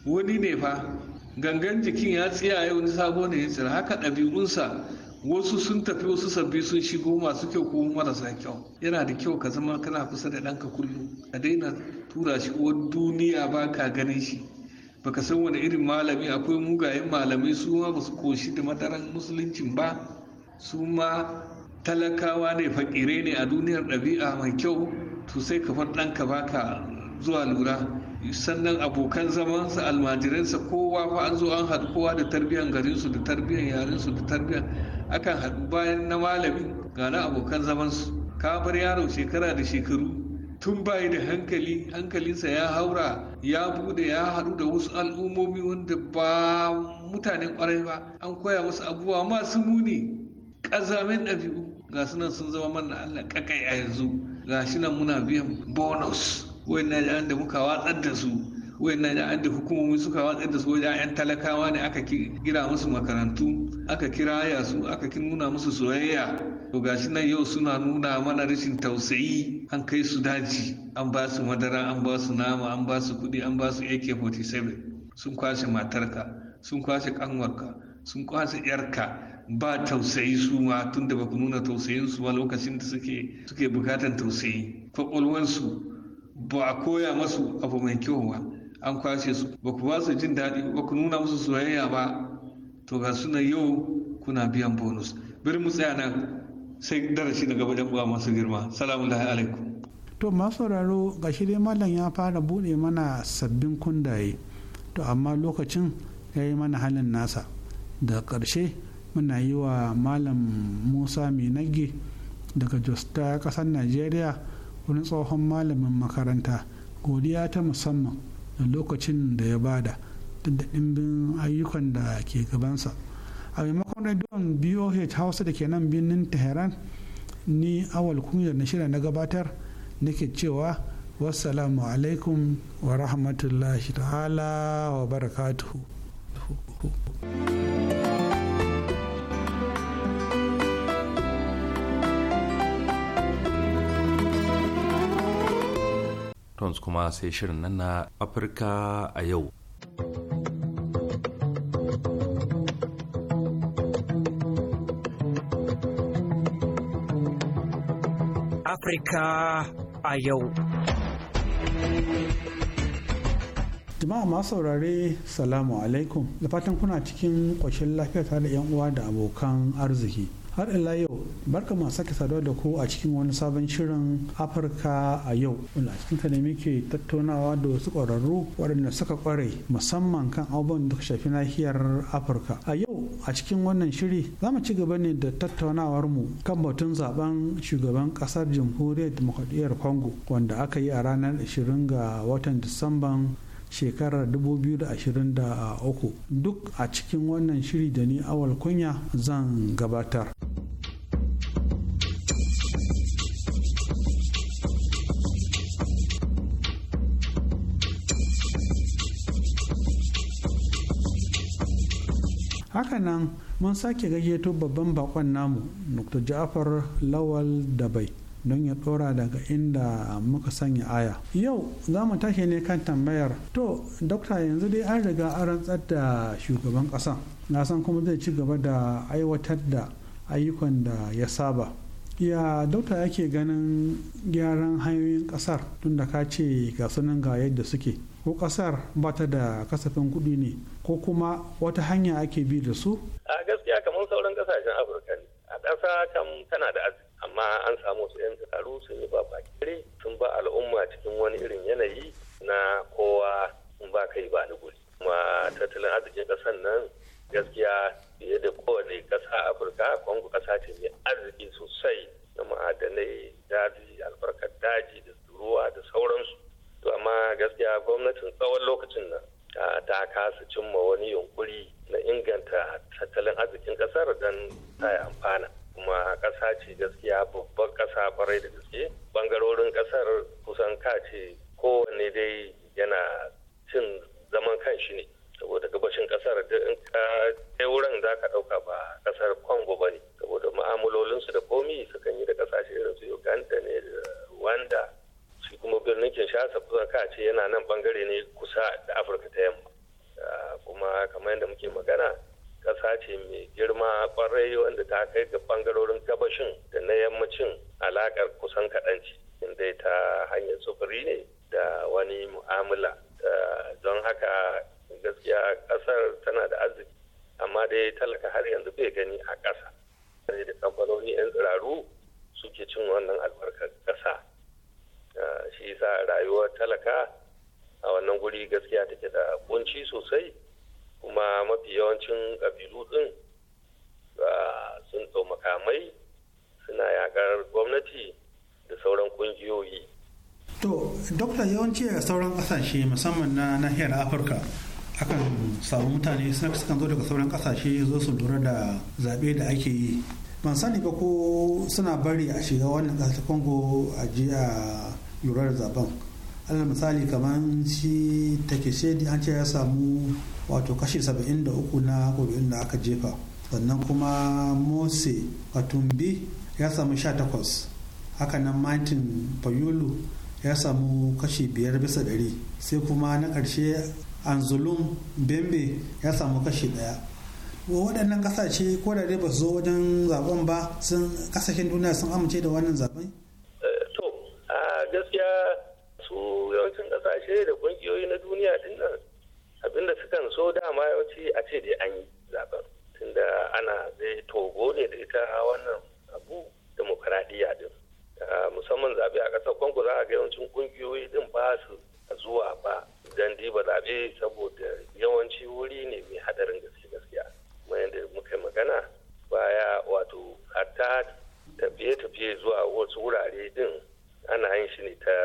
wani ne fa gangan jikin ya tsiyaye wani sabo ne ya tsira haka ɗabi'unsa wasu sun tafi wasu sabbi sun shigo masu kyau ko marasa kyau yana da kyau ka zama kana kusa da ɗanka kullum a daina tura shi uwar duniya ba ka ganin shi baka san wani irin malami akwai mugayen malamai su ma basu koshi da madaran musuluncin ba su ma talakawa ne fakirai ne a duniyar ɗabi'a mai kyau to sai ka ɗanka baka zuwa lura sannan abokan zamansa almajiransa kowa fa an zo an haɗu kowa da tarbiyyar garinsu da tarbiyyar yarinsu da tarbiyyar akan haɗu bayan na malamin ga na abokan zamansu ka bar yaro shekara da shekaru tun bai da hankali hankalinsa ya haura ya bude ya haɗu da wasu al'ummomi wanda ba mutanen ƙwarai ba an koya wasu abubuwa masu muni ƙazamin ɗabi'u ga sunan sun zama mana allah ƙaƙai a yanzu ga shi nan muna biyan bonus wayannan jami'an da muka watsar da su wayannan jami'an da hukumomi suka watsar da su wajen talakawa ne aka kira musu makarantu aka kiraya su aka nuna musu soyayya to ga shi nan yau suna nuna mana rashin tausayi an kai su daji an ba su madara an ba su nama an ba su kuɗi an ba su ak-47 sun kwashe matarka sun kwashe kanwarka sun kwashe yarka ba tausayi su ma tun da baku nuna tausayin su ma lokacin da suke suke bukatan tausayi kwakwalwansu ba a koya masu abu mai kyau ba an kwashe su ba ku ba su jin daɗi ba ku nuna musu soyayya ba to ga suna yau kuna biyan bonus bari mu tsaya nan sai darasi daga wajen uwa masu girma salamu alaikum to masu sauraro ga dai malam ya fara bude mana sabbin kundaye to amma lokacin ya yi mana halin nasa da ƙarshe muna yi wa malam musa minage daga jos ta ƙasar najeriya wani tsohon malamin makaranta godiya ta musamman da lokacin da ya bada da ɗimbin ayyukan da ke gabansa a maimakon rediyon boh hausa da ke nan birnin tehran ni awal kunyar na shirya na gabatar nake cewa wassalamu alaikum wa rahmatullahi ta'ala wa barakatuhu tons kuma sai shirin nan na afirka a yau Afrika a yau. Jama'a masu saurare Salamu alaikum da fatan kuna cikin ƙoshin lafiya tare da 'yan uwa da abokan arziki. har ila yau barka masu sake saduwa da ku a cikin wani sabon shirin afirka a yau wanda a cikin ne muke tattaunawa da wasu ƙwararru waɗanda suka ƙware musamman kan abubuwan da shafi nahiyar afirka a yau a cikin wannan shiri za mu ci gaba ne da tattaunawar mu kan batun zaben shugaban ƙasar jamhuriyar demokradiyyar congo wanda aka yi a ranar 20 ga watan disamban shekarar 2023 duk a cikin wannan shiri da ni awal kunya zan gabatar. hakanan mun sake gayyato babban bakon namu dr ja'afar lawal dabai don ya ɗora daga inda muka sanya aya yau za mu tashi ne kan tambayar to dokta yanzu dai an riga an rantsar da shugaban ƙasa na san kuma zai ci gaba da aiwatar da ayyukan da ya saba ya dokta yake ganin gyaran hanyoyin ƙasar tun da ka ce ga sunan ga yadda suke ko ƙasar ba ta da kasafin kuɗi ne ko kuma wata hanya ake bi da su a gaskiya kamar sauran ƙasashen afirka ne a ƙasa kam tana da arziki amma an samu su 'yan tsaro sun yi ba bakire sun ba al'umma cikin wani irin yanayi na kowa sun ba kai ba ni guri kuma tattalin arzikin ƙasar nan gaskiya fiye da kowane ƙasa afirka kwangu ƙasa ce mai arziki sosai na ma'adanai daji albarkar daji da ruwa da sauransu to amma gaskiya gwamnatin tsawon lokacin nan ta kasa cimma wani yunkuri na inganta tattalin arzikin ƙasar don ta amfana kuma ƙasa ce gaskiya babban ƙasa farai da gaske ɓangarorin ƙasar kusan kace ce kowanne dai yana cin zaman kan shi ne saboda gabashin ƙasar da in ka kai wurin za ka ɗauka ba ƙasar kongo ba ne saboda ma'amalolinsu da komi sukan yi da ƙasashe irin su uganda ne da rwanda shi kuma birnin kinshasa kusan kace yana nan bangare ne kusa da afirka ta yamma ah, kuma kamar yadda muke magana ƙasa ce mai girma kwarai wanda ta kai ga bangarorin gabashin da na yammacin alaƙar kusan kaɗanci inda ta hanyar sufuri ne da wani mu'amala eh, don haka gaskiya ƙasar tana da arziki amma dai talaka har yanzu bai gani a ƙasa sai da kamfanoni 'yan tsiraru suke cin wannan albarkar ƙasa eh, shi yasa rayuwar talaka a wannan guri gaskiya take da kunci sosai kuma mafi yawancin ƙabilu ɗin sun tsau makamai suna yakar gwamnati da sauran ƙungiyoyi to dokta yawanci a sauran ƙasashe musamman na nahiyar afirka akan samu mutane sukan zo daga sauran ƙasashe zo su lura da zaɓe da ake yi ban sani ba ko suna bari a shiga wannan ƙasar congo a jiya lura da zaben alal misali kamar shi shedi an ce ya samu wato kashi 73 na ƙuri'un da aka jefa sannan kuma mose katumbi ya samu 18 hakanan martin fayulu ya samu kashi 5 bisa 100 sai kuma na ƙarshe anzulum bembe ya samu kashi 1 waɗannan ƙasashe ko da dai ba su zo wajen zaben ba sun ƙasashen duniya sun amince da wannan zaben su yawancin kasashe da kungiyoyi na duniya din nan abinda sukan so dama yawanci a ce dai an yi zaben tunda ana zai togo ne da ita wannan abu demokaradiyya din musamman zaɓe a ƙasar kwango za a ga yawancin kungiyoyi din ba su zuwa ba don diba zaɓe saboda yawanci wuri ne mai hadarin gaske gaskiya kuma yadda muka magana baya wato hatta tafiye-tafiye zuwa wasu wurare din ana yin shi ne ta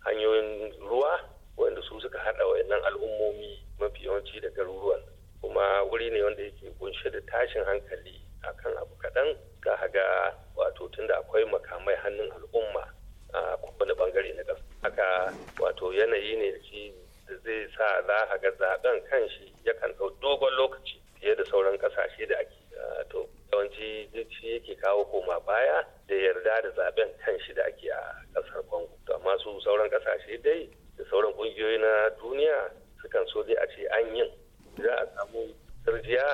hanyoyin ruwa wanda su suka haɗa wayannan al'ummomi mafi yawanci da garuruwan kuma wuri ne wanda yake kunshe da tashin hankali akan abu kaɗan ka haga wato tunda akwai makamai hannun al'umma a kowane bangare na ƙasa haka wato yanayi ne da zai sa za a ga zaben kanshi yakan ɗau dogon lokaci fiye da sauran ƙasashe da ake to yawanci duk shi yake kawo koma baya da yarda da zaben kan shi da ake a kasar congo to amma su sauran kasashe dai da sauran kungiyoyi na duniya sukan so dai a ce an yin za a samu sirjiya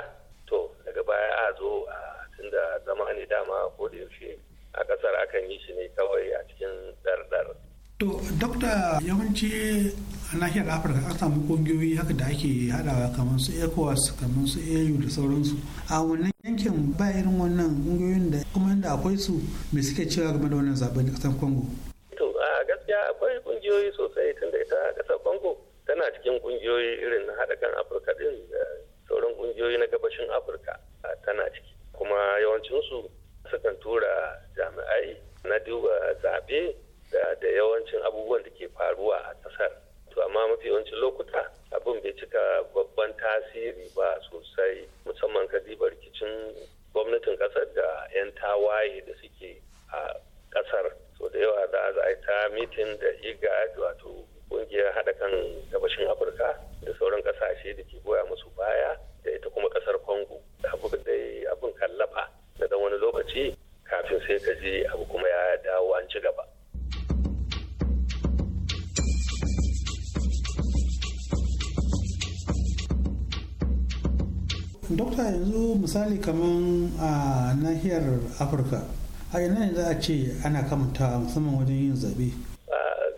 to daga baya a zo a tunda zama ne dama ko da yaushe a kasar akan yi shi ne kawai a cikin dardar to dokta yawanci a nahiyar afirka an samu kungiyoyi haka da ake hadawa kamar su ecowas kamar su au da sauransu a wannan yankin ba irin wannan ƙungiyoyin da kuma inda akwai su me suke cewa game da wannan zaben da ƙasar Congo? To a gaskiya akwai ƙungiyoyi sosai tunda ita ƙasar Congo tana cikin ƙungiyoyi irin na haɗa kan Afirka ɗin da sauran ƙungiyoyi na gabashin Afirka tana ciki kuma yawancinsu sukan tura jami'ai na duba zaɓe da yawancin abubuwan da ke faruwa a ƙasar. to amma mafi yawancin lokuta abin bai cika babban tasiri ba sosai musamman ka dibar rikicin gwamnatin kasar da 'yan tawaye da suke a kasar so da yawa za a yi ta mitin da igad wato kungiyar haɗa kan gabashin afirka da sauran kasashe da ke goya musu baya da ita kuma kasar congo abin da abin kallafa da dan wani lokaci kafin sai ka je abu kuma ya dawo an ci gaba dokta yanzu misali kamar a nahiyar afirka a ina ne za a ce ana kamta musamman wajen yin zabe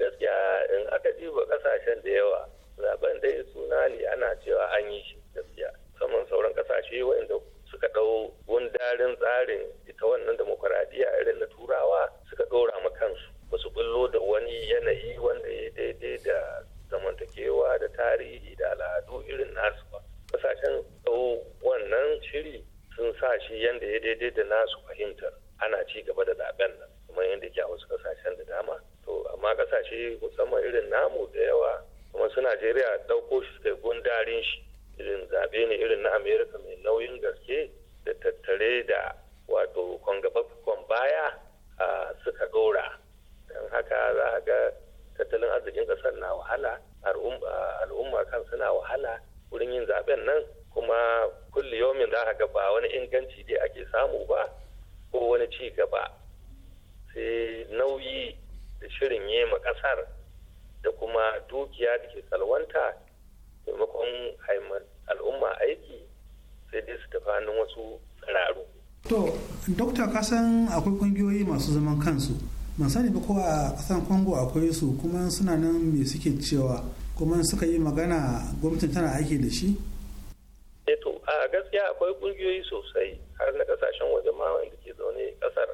gaskiya in aka duba kasashen da yawa zaben dai suna ne ana cewa an yi shi gaskiya saman sauran kasashe waɗanda suka ɗau gundarin tsarin ita wannan demokuraɗiyya irin na turawa suka ɗora ma kansu ba su bullo da wani yanayi wanda ya daidai da zamantakewa da tarihi da al'adu irin nasu kasashen tsawo wannan shiri sun sa shi yadda ya daidai da nasu fahimtar ana ci gaba da zaben nan kuma yadda ke a wasu kasashen da dama to amma kasashe musamman irin namu da yawa kuma su najeriya ɗauko shi kai gundarin shi irin zaɓe ne irin na amerika mai nauyin gaske da tattare da wato kwangabakon baya a suka ɗora don haka za a ga tattalin arzikin ƙasar na wahala al'umma kan suna wahala wurin yin zaben nan kuma yomin za a ga ba wani inganci dai ake samu ba ko wani ci gaba sai nauyi da shirin yema kasar da kuma dukiya da ke salwanta maimakon haiman al'umma aiki sai dai su tafi hannun wasu tsiraru. to dokta kasan akwai kungiyoyi masu zaman kansu ban sani ba ko a kasan kongo akwai su kuma suna nan me suke cewa kuma suka yi magana gwamnatin tana aiki da shi? eto eh a gaskiya akwai kungiyoyi sosai har na kasashen waje ma wanda ke zaune kasar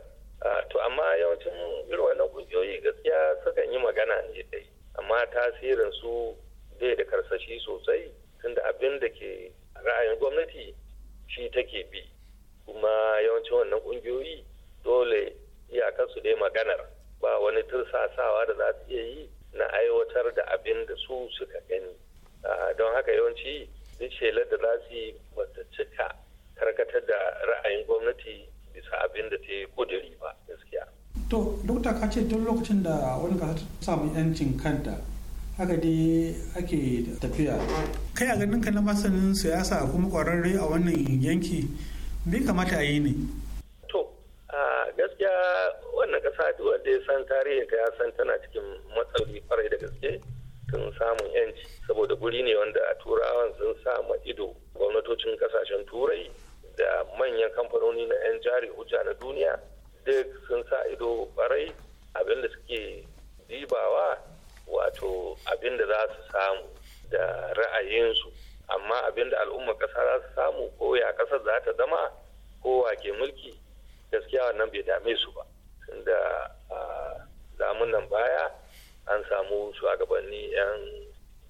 to amma yawancin irin wannan kungiyoyi gaskiya sukan yi magana ne dai amma tasirin su bai da karsashi sosai tunda abin da ke ra'ayin gwamnati shi take bi kuma yawancin wannan kungiyoyi dole iyakarsu dai maganar ba wani tursasawa da za su iya yi na aiwatar da abin da su suka gani don haka yawanci duk shelar da za su yi bata cika karkatar da ra'ayin gwamnati bisa abin da ta yi kudiri ba gaskiya to dokta ka ce tun lokacin da wani ka samu yancin kanta haka dai ake tafiya kai a ganin ka na masanin siyasa kuma kwararre a wannan yanki bai kamata a yi ne a gaskiya wannan kasa duk wanda ya san tarihin ta ya san tana cikin matsaloli farai da gaske tun samun yanci saboda guri ne wanda a turawan sun sa ma ido gwamnatocin kasashen turai da manyan kamfanoni na 'yan jari hujja na duniya duk sun sa ido abin da suke dibawa wato abin da za su samu da ra'ayinsu amma abin da al'ummar ƙasa za su samu ko ya kasar za ta zama ko wa ke mulki gaskiya wannan bai dame su ba tunda zamunan baya an samu shugabanni 'yan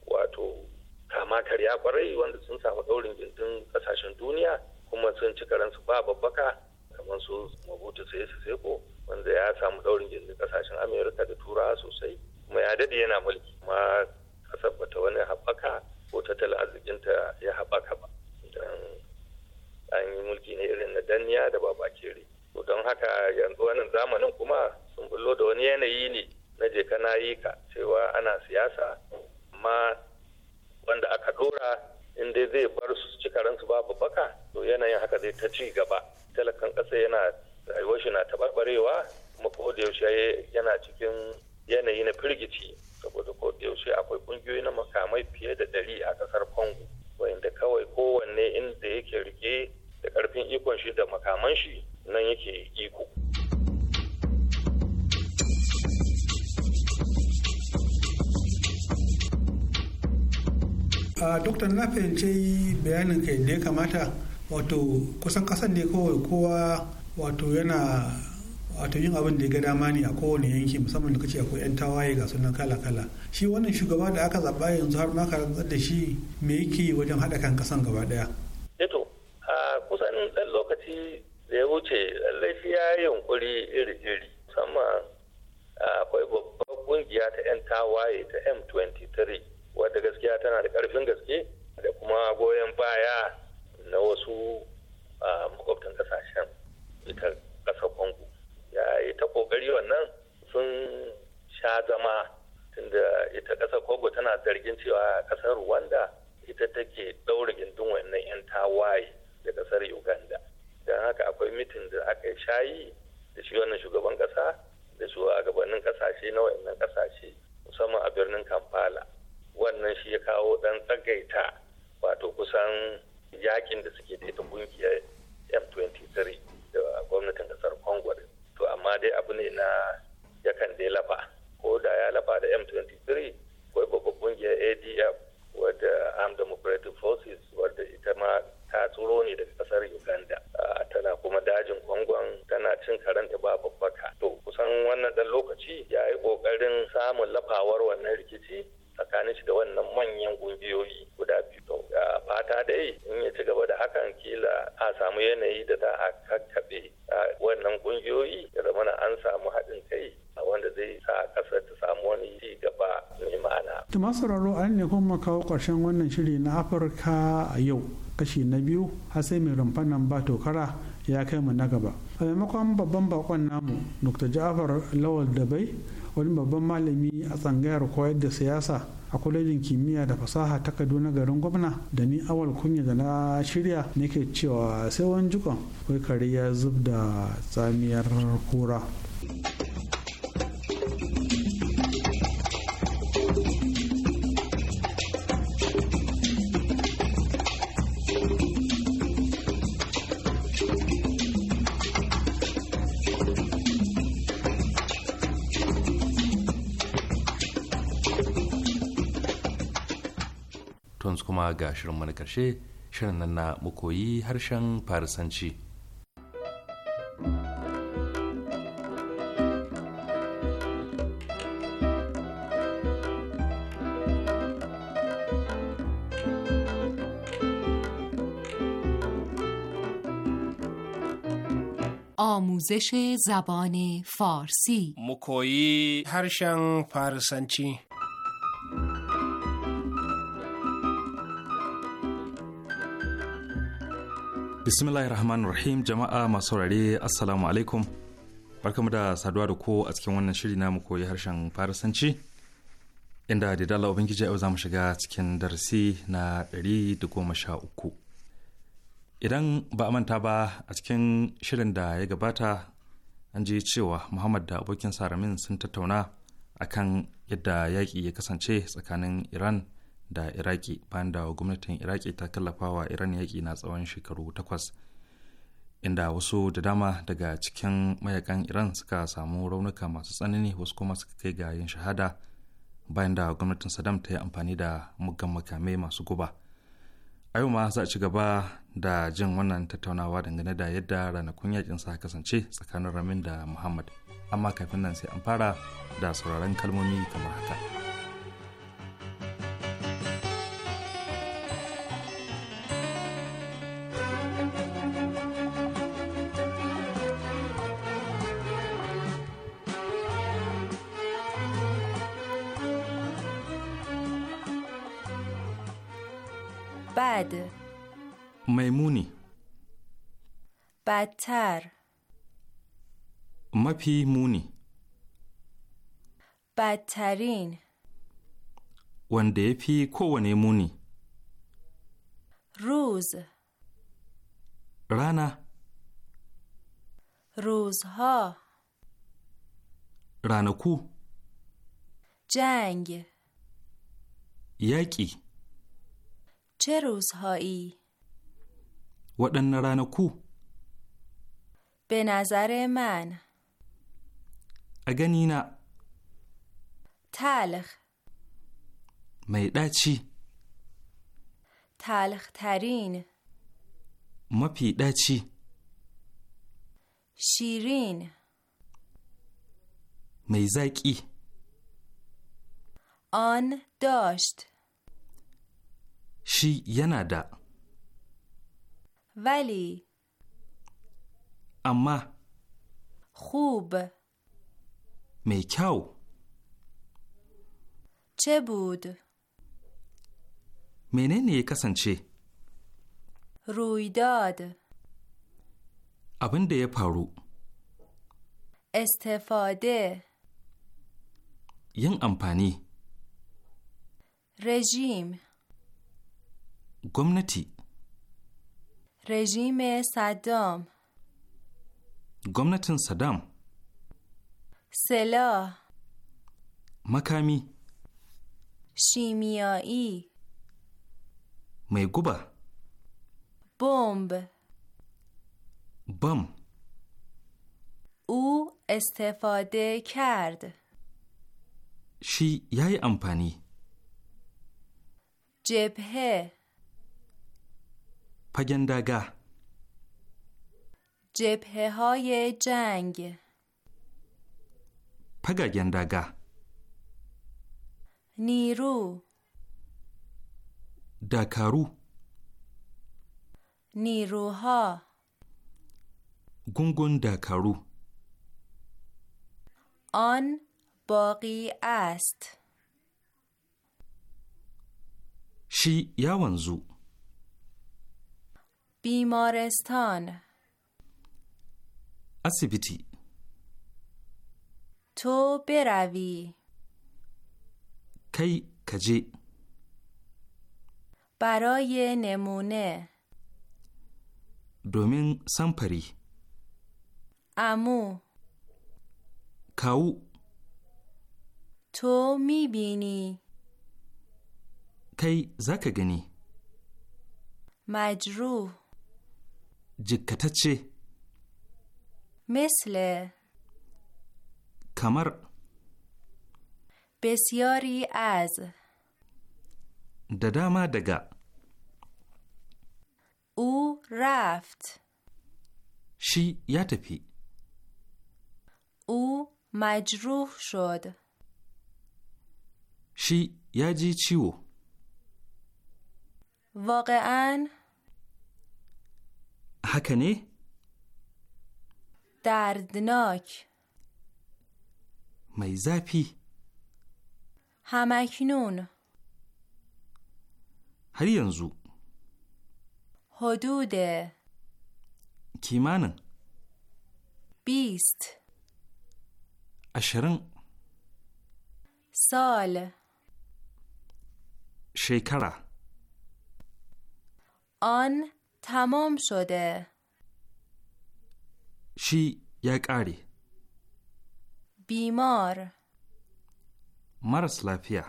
wato kama karya kwarai wanda sun samu daurin gindin kasashen duniya kuma sun ci karansu ba babbaka kamar su mabutu sai su seko wanda ya samu daurin gindin kasashen amerika da turawa sosai kuma ya dade yana mulki kuma kasar bata wani haɓaka ko tattalin arzikinta ya haɓaka ba don an yi mulki ne irin na danniya da babakere don haka yanzu wannan zamanin kuma sun bullo da wani yanayi ne na je ka yi ka cewa ana siyasa amma wanda aka dora in dai zai bar su cika ransu babu baka to yanayin haka zai ta ci gaba talakan ƙasa yana rayuwar shi na tabarbarewa kuma ko da yaushe yana cikin yanayi na firgici saboda ko da yaushe akwai ƙungiyoyi na makamai fiye da ɗari a ƙasar congo wanda kawai kowanne inda yake rike da ƙarfin ikon shi da makaman shi nan yake iko a doktor na fahimci bayanin kai da ya kamata wato kusan kasan ne kawai kowa wato yana wato yin abin da ya ga dama ne a kowane yanki musamman da kace akwai 'yan tawaye ga sunan kala-kala shi wannan shugaba da aka zaba yanzu har maka rantsar da shi me yake wajen haɗa kan kasan gaba ɗaya. eto eh kusan ɗan lokaci da ya wuce lallai ya yi yunkuri iri-iri musamman akwai babbar kungiya ta 'yan tawaye ta m23 wadda gaskiya tana da karfin gaske da kuma goyon baya na wasu makwabtan kasashen ita kasar kwangu ya yi ta ƙoƙari wannan sun sha zama tunda ita kasar kwangu tana zargin cewa ƙasar rwanda ita take ɗaurin gindin wannan 'yan tawaye da ƙasar uganda don haka akwai mitin da aka yi shayi da shi wannan shugaban kasa da gabanin kasashe na wa'annan kasashe musamman a birnin kampala wannan shi ya kawo dan tsagaita wato kusan yakin da suke da ita kungiyar m23 da gwamnatin kasar congo to amma dai abu ne na yakan dai lafa ko da ya lafa da m23 akwai babban kungiyar adf wadda armed democratic forces wadda ita ma ta tsoro ne daga kasar uganda ah, tana kuma dajin gwangwan. tana cin karanta ba babbaka to kusan wannan dan lokaci ya yi kokarin samun lafawar wannan rikici tsakanin shi da wannan manyan kungiyoyi guda biyu fata dai in ya ci gaba da hakan kila a samu yanayi da za a kakkaɓe ah, wannan ƙungiyoyi ya zama an samu haɗin kai wanda zai sa ƙasar ta samu wani ci gaba mai ma'ana. ta masu raro an ne kuma kawo ƙarshen wannan shiri na afirka a yau kashi na biyu har sai mai rumfanan ba tokara ya kai mu na gaba a maimakon babban bakon namu dr ja'afar lawal dabai wani babban malami a tsangayar koyar da siyasa a kwalejin kimiyya da fasaha ta kaduna garin gwamna da ni awal kunya da na shirya ne ke cewa sai wani jikon kai kare ya zub da tsamiyar kura. tons kuma ga shirin mana karshe shirin nan na mukoyi harshen farisanci آموزش زبان فارسی مکویی هرشن فارسنچی bismillahir rahmanir rahim jama'a masu saurare assalamu alaikum barkamu da saduwa da ko a cikin wannan shiri mu koyi harshen farisanci inda da dala ubangiji yau za mu shiga cikin darasi na ɗari goma sha uku. idan ba a manta ba a cikin shirin da ya gabata an ji cewa muhammad da abokin saramin sun tattauna a kan yadda yaƙi ya kasance tsakanin iran da iraki bayan da gwamnatin iraki ta kallafa wa iran yaƙi na tsawon shekaru takwas inda wasu da dama daga cikin mayakan iran suka samu raunuka masu tsanani wasu kuma suka kai ga yin shahada bayan da gwamnatin saddam ta yi amfani da muggan makamai masu guba a yau ma za a ci gaba da jin wannan tattaunawa dangane da yadda ranakun yakin sa kasance tsakanin ramin da muhammad amma kafin nan sai an fara da sauraron kalmomi kamar haka. Bad. Mai muni. Batar. Mafi muni. Batarin. Wanda ya fi kowane muni. Ruz. Rana. Ruzho. Ranaku? Jang! Yaki? چه روزهایی؟ ودنه کو؟ به نظر من اگنینا تلخ میده چی؟ تلخ ترین ما پیده چی؟ شیرین میزکی آن داشت shi yana da. Vale. Amma. Khub. Mai kyau. Chebud. Menene ya kasance? Ruidad. Abinda ya faru. Estefade. Yin amfani. Rejim. گمنتی رژیم صدام گمنتن صدام سلاح مکامی شیمیایی میگوبه بمب بم او استفاده کرد شی یای امپانی جبهه پگندگه جبهه های جنگ پگندگه نیرو داکارو نیروها گونگون داکارو آن باقی است شی یاونزو بیمارستان اسیبیتی تو بروی کی کجی برای نمونه دومین سمپری امو کاو تو میبینی کی زکگنی مجروح جکتچه مثل کمر بسیاری از دداما دگا او رفت شی یا تفی او مجروح شد شی یا جی چیو واقعا هکنی دردناک میزپی همکنون هریانزو حدود کیمان بیست اشرن سال شیکره آن تمام شده شی یک عری. بیمار مرس لافیه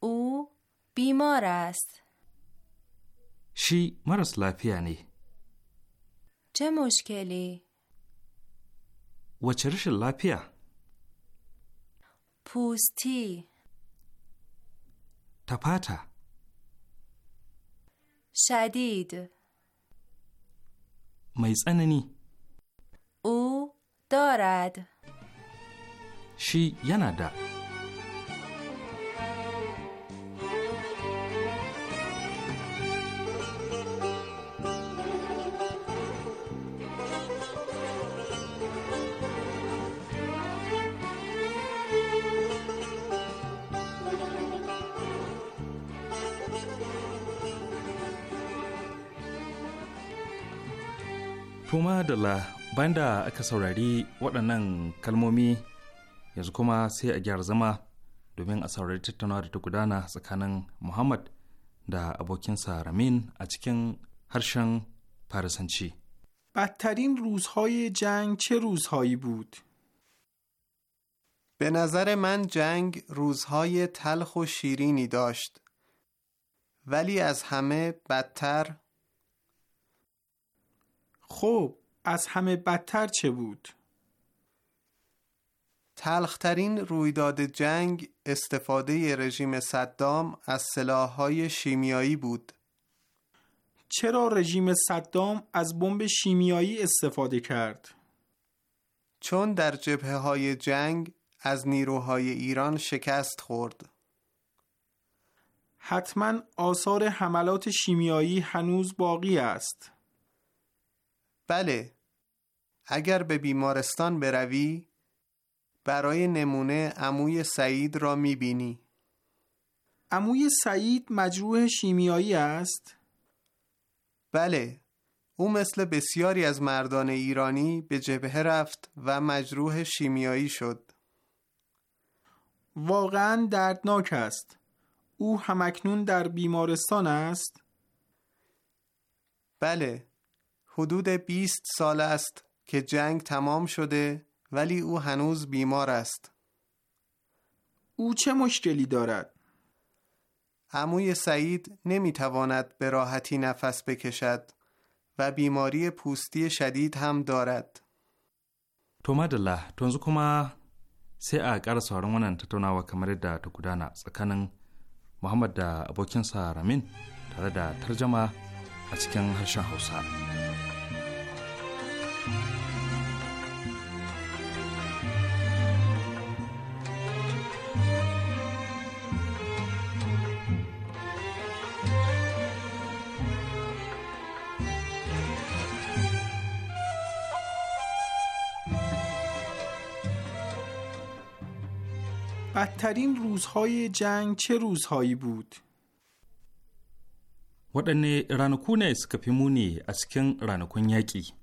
او بیمار است شی مرس لافیه نی چه مشکلی؟ و چرش لافیه پوستی تپاتا شدید mai tsanani او دارد شی yana da kuma da la banda aka saurari waɗannan kalmomi yanzu kuma sai a gyara zama domin a saurari tattaunawa da ta gudana tsakanin Muhammad da abokinsa Ramin a cikin harshen Farisanci. بدترین روزهای جنگ چه روزهایی بود؟ به نظر من جنگ روزهای تلخ و شیرینی داشت ولی از همه بدتر خب از همه بدتر چه بود؟ تلخترین رویداد جنگ استفاده رژیم صدام از سلاحهای شیمیایی بود. چرا رژیم صدام از بمب شیمیایی استفاده کرد؟ چون در جبه های جنگ از نیروهای ایران شکست خورد. حتما آثار حملات شیمیایی هنوز باقی است. بله اگر به بیمارستان بروی برای نمونه عموی سعید را میبینی عموی سعید مجروح شیمیایی است؟ بله او مثل بسیاری از مردان ایرانی به جبهه رفت و مجروح شیمیایی شد واقعا دردناک است او همکنون در بیمارستان است؟ بله حدود 20 سال است که جنگ تمام شده ولی او هنوز بیمار است. او چه مشکلی دارد؟ عموی سعید نمیتواند به راحتی نفس بکشد و بیماری پوستی شدید هم دارد. تو الله تونز کما سی ا قرا سوارن ونن و کمر دا تو گودانا تسکانن محمد دا ابوکن سارمین ترجمه ا هر هرشن بدترین روزهای جنگ چه روزهایی بود؟ waɗanne ranaku ne suka fi muni a cikin ranakun yaƙi?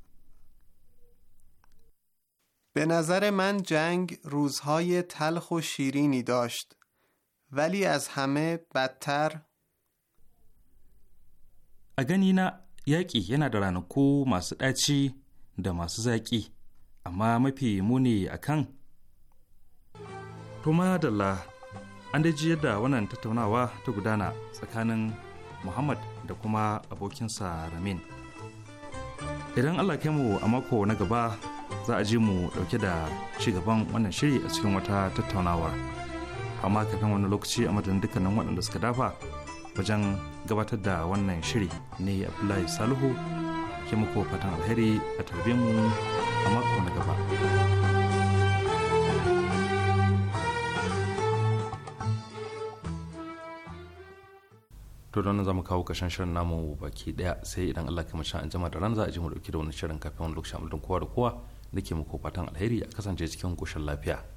به نظر من جنگ روزهای تلخ و شیرینی داشت ولی از همه بدتر اگنی نه yaƙi yana da ranaku masu ɗaci da masu zaƙi amma mafi muni akan To madalla an dai ji yadda wannan tattaunawa ta gudana tsakanin Muhammad da kuma abokinsa Ramin. Idan Allah kai mu a mako na gaba za a ji mu dauke da ci gaban wannan shiri a cikin wata tattaunawa. Amma kafin wani lokaci a madadin dukkanin waɗanda suka dafa wajen gabatar da wannan shiri ne Abdullahi Salihu ke muku fatan alheri a tarbe mu a mako na gaba. to don za mu kawo kashen shirin namu baki daya sai idan Allah ka mace an jima da ran za a ji mu dauki da wani shirin kafin wani lokacin amudin kowa da kowa nake muku fatan alheri a kasance cikin koshin lafiya